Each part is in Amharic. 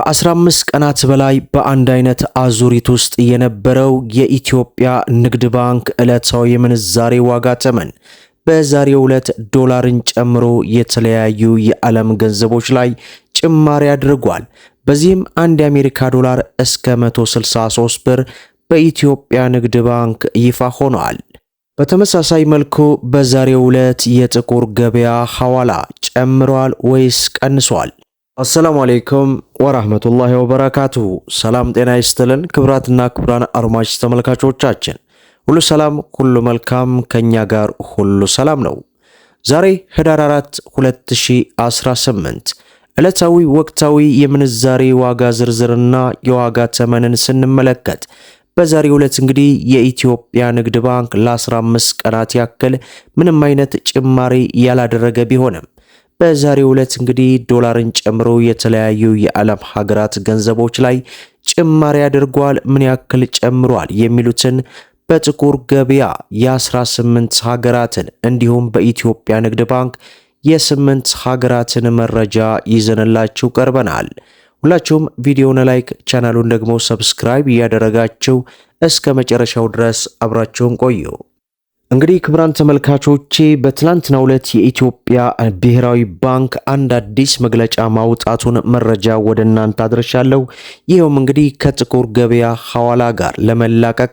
ከ15 ቀናት በላይ በአንድ አይነት አዙሪት ውስጥ የነበረው የኢትዮጵያ ንግድ ባንክ ዕለታዊ የምንዛሬ ዋጋ ተመን በዛሬው ዕለት ዶላርን ጨምሮ የተለያዩ የዓለም ገንዘቦች ላይ ጭማሪ አድርጓል። በዚህም አንድ የአሜሪካ ዶላር እስከ 163 ብር በኢትዮጵያ ንግድ ባንክ ይፋ ሆኗል። በተመሳሳይ መልኩ በዛሬው ዕለት የጥቁር ገበያ ሐዋላ ጨምሯል ወይስ ቀንሷል? አሰላሙ አሌይኩም ወራህመቱላሂ ወበረካቱሁ። ሰላም ጤና ይስጥልን ክብራትና ክብራን አድማጭ ተመልካቾቻችን ሁሉ ሰላም ሁሉ መልካም፣ ከኛ ጋር ሁሉ ሰላም ነው። ዛሬ ህዳር 4 2018 ዕለታዊ ወቅታዊ የምንዛሬ ዋጋ ዝርዝርና የዋጋ ተመንን ስንመለከት በዛሬ ዕለት እንግዲህ የኢትዮጵያ ንግድ ባንክ ለ15 ቀናት ያክል ምንም አይነት ጭማሪ ያላደረገ ቢሆንም በዛሬው ዕለት እንግዲህ ዶላርን ጨምሮ የተለያዩ የዓለም ሀገራት ገንዘቦች ላይ ጭማሪ አድርጓል። ምን ያክል ጨምሯል የሚሉትን በጥቁር ገበያ የ18 ሀገራትን እንዲሁም በኢትዮጵያ ንግድ ባንክ የስምንት ሀገራትን መረጃ ይዘንላችሁ ቀርበናል። ሁላችሁም ቪዲዮውን ላይክ ቻናሉን ደግሞ ሰብስክራይብ እያደረጋችሁ እስከ መጨረሻው ድረስ አብራችሁን ቆዩ። እንግዲህ ክቡራን ተመልካቾቼ በትላንትናው ዕለት የኢትዮጵያ ብሔራዊ ባንክ አንድ አዲስ መግለጫ ማውጣቱን መረጃ ወደ እናንተ አድርሻለሁ። ይኸውም እንግዲህ ከጥቁር ገበያ ሐዋላ ጋር ለመላቀቅ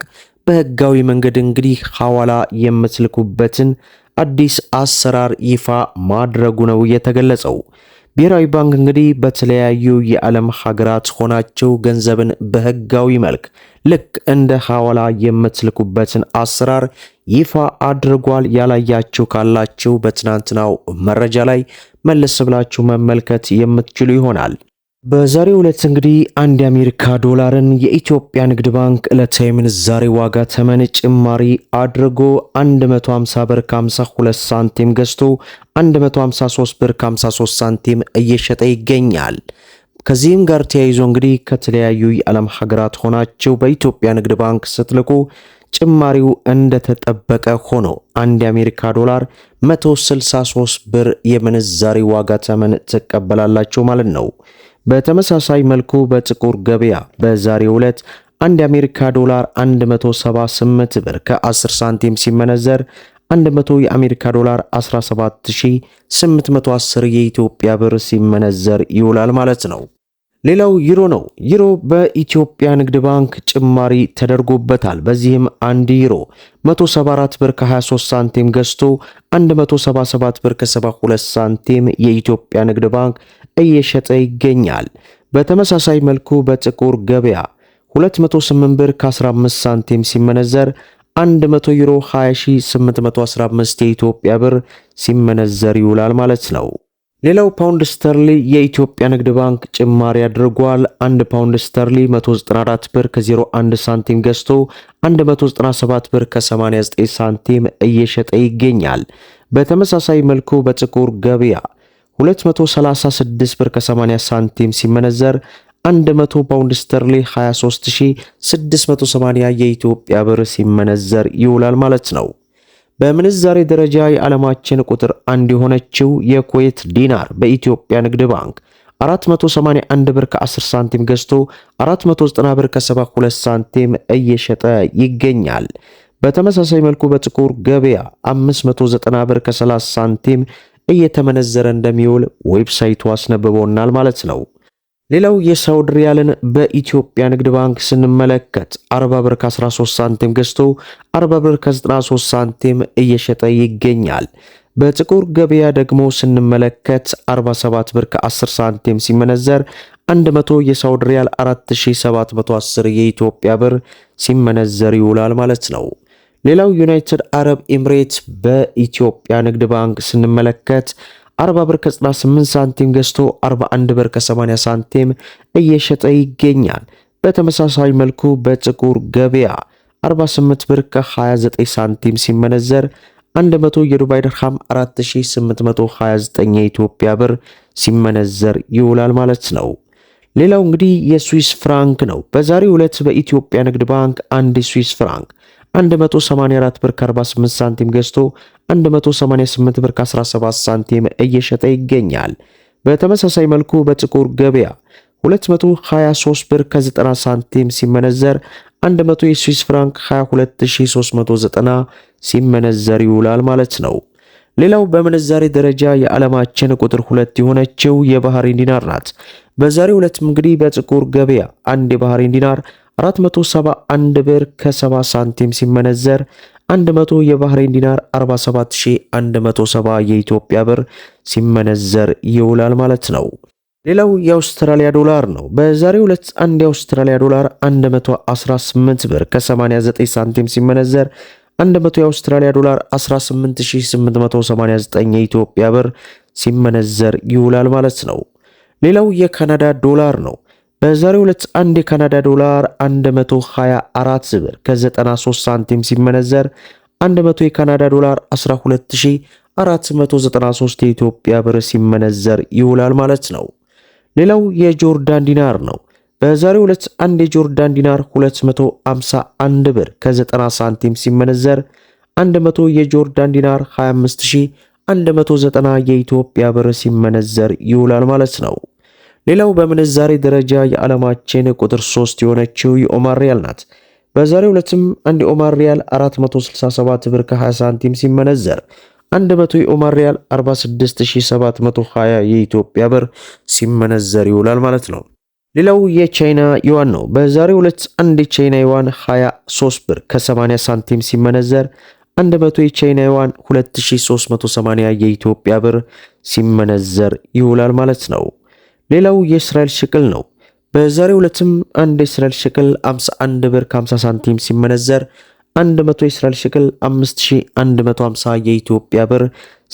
በህጋዊ መንገድ እንግዲህ ሐዋላ የምትልኩበትን አዲስ አሰራር ይፋ ማድረጉ ነው የተገለጸው። ብሔራዊ ባንክ እንግዲህ በተለያዩ የዓለም ሀገራት ሆናቸው ገንዘብን በህጋዊ መልክ ልክ እንደ ሐዋላ የምትልኩበትን አሰራር ይፋ አድርጓል። ያላያችሁ ካላችሁ በትናንትናው መረጃ ላይ መለስ ብላችሁ መመልከት የምትችሉ ይሆናል። በዛሬው ዕለት እንግዲህ አንድ የአሜሪካ ዶላርን የኢትዮጵያ ንግድ ባንክ ዕለታዊ ምንዛሬ ዋጋ ተመን ጭማሪ አድርጎ 150 ብር 52 ሳንቲም ገዝቶ 153 ብር 53 ሳንቲም እየሸጠ ይገኛል። ከዚህም ጋር ተያይዞ እንግዲህ ከተለያዩ የዓለም ሀገራት ሆናችሁ በኢትዮጵያ ንግድ ባንክ ስትልኩ ጭማሪው እንደተጠበቀ ሆኖ አንድ የአሜሪካ ዶላር 163 ብር የምንዛሪ ዋጋ ተመን ትቀበላላቸው ማለት ነው። በተመሳሳይ መልኩ በጥቁር ገበያ በዛሬው ዕለት አንድ የአሜሪካ ዶላር 178 ብር ከ10 ሳንቲም ሲመነዘር 100 የአሜሪካ ዶላር 17810 የኢትዮጵያ ብር ሲመነዘር ይውላል ማለት ነው። ሌላው ዩሮ ነው። ዩሮ በኢትዮጵያ ንግድ ባንክ ጭማሪ ተደርጎበታል። በዚህም አንድ ዩሮ 174 ብር ከ23 ሳንቲም ገዝቶ 177 ብር ከ72 ሳንቲም የኢትዮጵያ ንግድ ባንክ እየሸጠ ይገኛል። በተመሳሳይ መልኩ በጥቁር ገበያ 208 ብር ከ15 ሳንቲም ሲመነዘር 100 ዩሮ 20815 የኢትዮጵያ ብር ሲመነዘር ይውላል ማለት ነው። ሌላው ፓውንድ ስተርሊ የኢትዮጵያ ንግድ ባንክ ጭማሪ አድርጓል። አንድ ፓውንድ ስተርሊ 194 ብር ከ01 ሳንቲም ገዝቶ 197 ብር ከ89 ሳንቲም እየሸጠ ይገኛል። በተመሳሳይ መልኩ በጥቁር ገበያ 236 ብር ከ80 ሳንቲም ሲመነዘር 100 ፓውንድ ስተርሊ 23680 የኢትዮጵያ ብር ሲመነዘር ይውላል ማለት ነው። በምንዛሬ ደረጃ የዓለማችን ቁጥር አንድ የሆነችው የኩዌት ዲናር በኢትዮጵያ ንግድ ባንክ 481 ብር ከ10 ሳንቲም ገዝቶ 490 ብር ከ72 ሳንቲም እየሸጠ ይገኛል። በተመሳሳይ መልኩ በጥቁር ገበያ 590 ብር ከ30 ሳንቲም እየተመነዘረ እንደሚውል ዌብሳይቱ አስነብቦናል ማለት ነው። ሌላው የሳውዲ ሪያልን በኢትዮጵያ ንግድ ባንክ ስንመለከት 40 ብር ከ13 ሳንቲም ገዝቶ 40 ብር ከ93 ሳንቲም እየሸጠ ይገኛል። በጥቁር ገበያ ደግሞ ስንመለከት 47 ብር ከ10 ሳንቲም ሲመነዘር 100 የሳውዲ ሪያል 4710 የኢትዮጵያ ብር ሲመነዘር ይውላል ማለት ነው። ሌላው ዩናይትድ አረብ ኤምሬት በኢትዮጵያ ንግድ ባንክ ስንመለከት 40 ብር ከ98 ሳንቲም ገዝቶ 41 ብር ከ80 ሳንቲም እየሸጠ ይገኛል። በተመሳሳይ መልኩ በጥቁር ገበያ 48 ብር ከ29 ሳንቲም ሲመነዘር 100 የዱባይ ድርሃም 4829 የኢትዮጵያ ብር ሲመነዘር ይውላል ማለት ነው። ሌላው እንግዲህ የስዊስ ፍራንክ ነው። በዛሬው ዕለት በኢትዮጵያ ንግድ ባንክ አንድ ስዊስ ፍራንክ 184 ብር 48 ሳንቲም ገዝቶ 188 ብር ከ17 ሳንቲም እየሸጠ ይገኛል። በተመሳሳይ መልኩ በጥቁር ገበያ 223 ብር ከ90 ሳንቲም ሲመነዘር 100 የስዊስ ፍራንክ 22390 ሲመነዘር ይውላል ማለት ነው። ሌላው በምንዛሬ ደረጃ የዓለማችን ቁጥር ሁለት የሆነችው የባህሪን ዲናር ናት። በዛሬው ዕለትም እንግዲህ በጥቁር ገበያ አንድ የባህሪን ዲናር 471 ብር ከ70 ሳንቲም ሲመነዘር 100 የባህሬን ዲናር 47170 የኢትዮጵያ ብር ሲመነዘር ይውላል ማለት ነው። ሌላው የአውስትራሊያ ዶላር ነው። በዛሬው ዕለት አንድ የአውስትራሊያ ዶላር 118 ብር ከ89 ሳንቲም ሲመነዘር 100 የአውስትራሊያ ዶላር 18889 የኢትዮጵያ ብር ሲመነዘር ይውላል ማለት ነው። ሌላው የካናዳ ዶላር ነው። በዛሬ ሁለት አንድ የካናዳ ዶላር 124 ብር ከ93 ሳንቲም ሲመነዘር 100 የካናዳ ዶላር 12493 የኢትዮጵያ ብር ሲመነዘር ይውላል ማለት ነው። ሌላው የጆርዳን ዲናር ነው። በዛሬ ሁለት አንድ የጆርዳን ዲናር 251 ብር ከ90 ሳንቲም ሲመነዘር 100 የጆርዳን ዲናር 25190 የኢትዮጵያ ብር ሲመነዘር ይውላል ማለት ነው። ሌላው በምንዛሬ ደረጃ የዓለማችን ቁጥር 3 የሆነችው የኦማር ሪያል ናት። በዛሬው ዕለትም አንድ የኦማር ሪያል 467 ብር ከ20 ሳንቲም ሲመነዘር 100 የኦማር ሪያል 46720 የኢትዮጵያ ብር ሲመነዘር ይውላል ማለት ነው። ሌላው የቻይና ዩዋን ነው። በዛሬው ዕለት አንድ የቻይና ዩዋን 23 ብር ከ80 ሳንቲም ሲመነዘር 100 የቻይና ዩዋን 2380 የኢትዮጵያ ብር ሲመነዘር ይውላል ማለት ነው። ሌላው የእስራኤል ሽቅል ነው። በዛሬው ዕለትም አንድ የእስራኤል ሽቅል 51 ብር 50 ሳንቲም ሲመነዘር 100 የእስራኤል ሽቅል 5150 የኢትዮጵያ ብር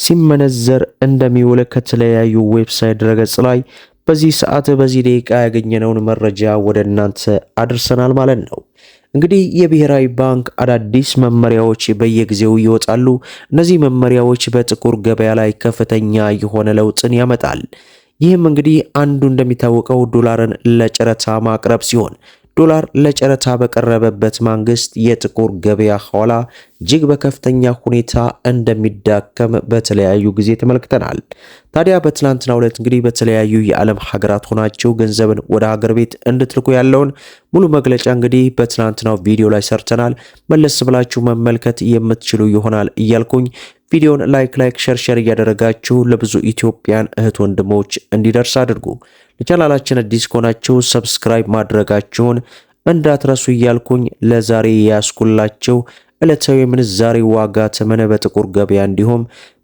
ሲመነዘር እንደሚውል ከተለያዩ ዌብሳይት ድረገጽ ላይ በዚህ ሰዓት በዚህ ደቂቃ ያገኘነውን መረጃ ወደ እናንተ አድርሰናል ማለት ነው። እንግዲህ የብሔራዊ ባንክ አዳዲስ መመሪያዎች በየጊዜው ይወጣሉ። እነዚህ መመሪያዎች በጥቁር ገበያ ላይ ከፍተኛ የሆነ ለውጥን ያመጣል። ይህም እንግዲህ አንዱ እንደሚታወቀው ዶላርን ለጨረታ ማቅረብ ሲሆን ዶላር ለጨረታ በቀረበበት ማንግስት የጥቁር ገበያ ኋላ እጅግ በከፍተኛ ሁኔታ እንደሚዳከም በተለያዩ ጊዜ ተመልክተናል። ታዲያ በትናንትናው ዕለት እንግዲህ በተለያዩ የዓለም ሀገራት ሆናችሁ ገንዘብን ወደ ሀገር ቤት እንድትልኩ ያለውን ሙሉ መግለጫ እንግዲህ በትናንትናው ቪዲዮ ላይ ሰርተናል። መለስ ብላችሁ መመልከት የምትችሉ ይሆናል እያልኩኝ ቪዲዮውን ላይክ ላይክ ሸርሸር እያደረጋችሁ ለብዙ ኢትዮጵያን እህት ወንድሞች እንዲደርስ አድርጉ። ለቻናላችን አዲስ ከሆናችሁ ሰብስክራይብ ማድረጋችሁን እንዳትረሱ እያልኩኝ ለዛሬ ያስኩላችሁ ዕለታዊ ምንዛሬ ዋጋ ተመነ በጥቁር ገበያ እንዲሁም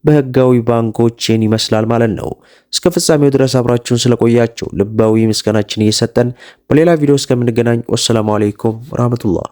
በህጋዊ ባንኮች ይህን ይመስላል ማለት ነው። እስከ ፍጻሜው ድረስ አብራችሁን ስለቆያችሁ ልባዊ ምስጋናችን እየሰጠን በሌላ ቪዲዮ እስከምንገናኝ ወሰላሙ አሌይኩም ረህመቱላህ።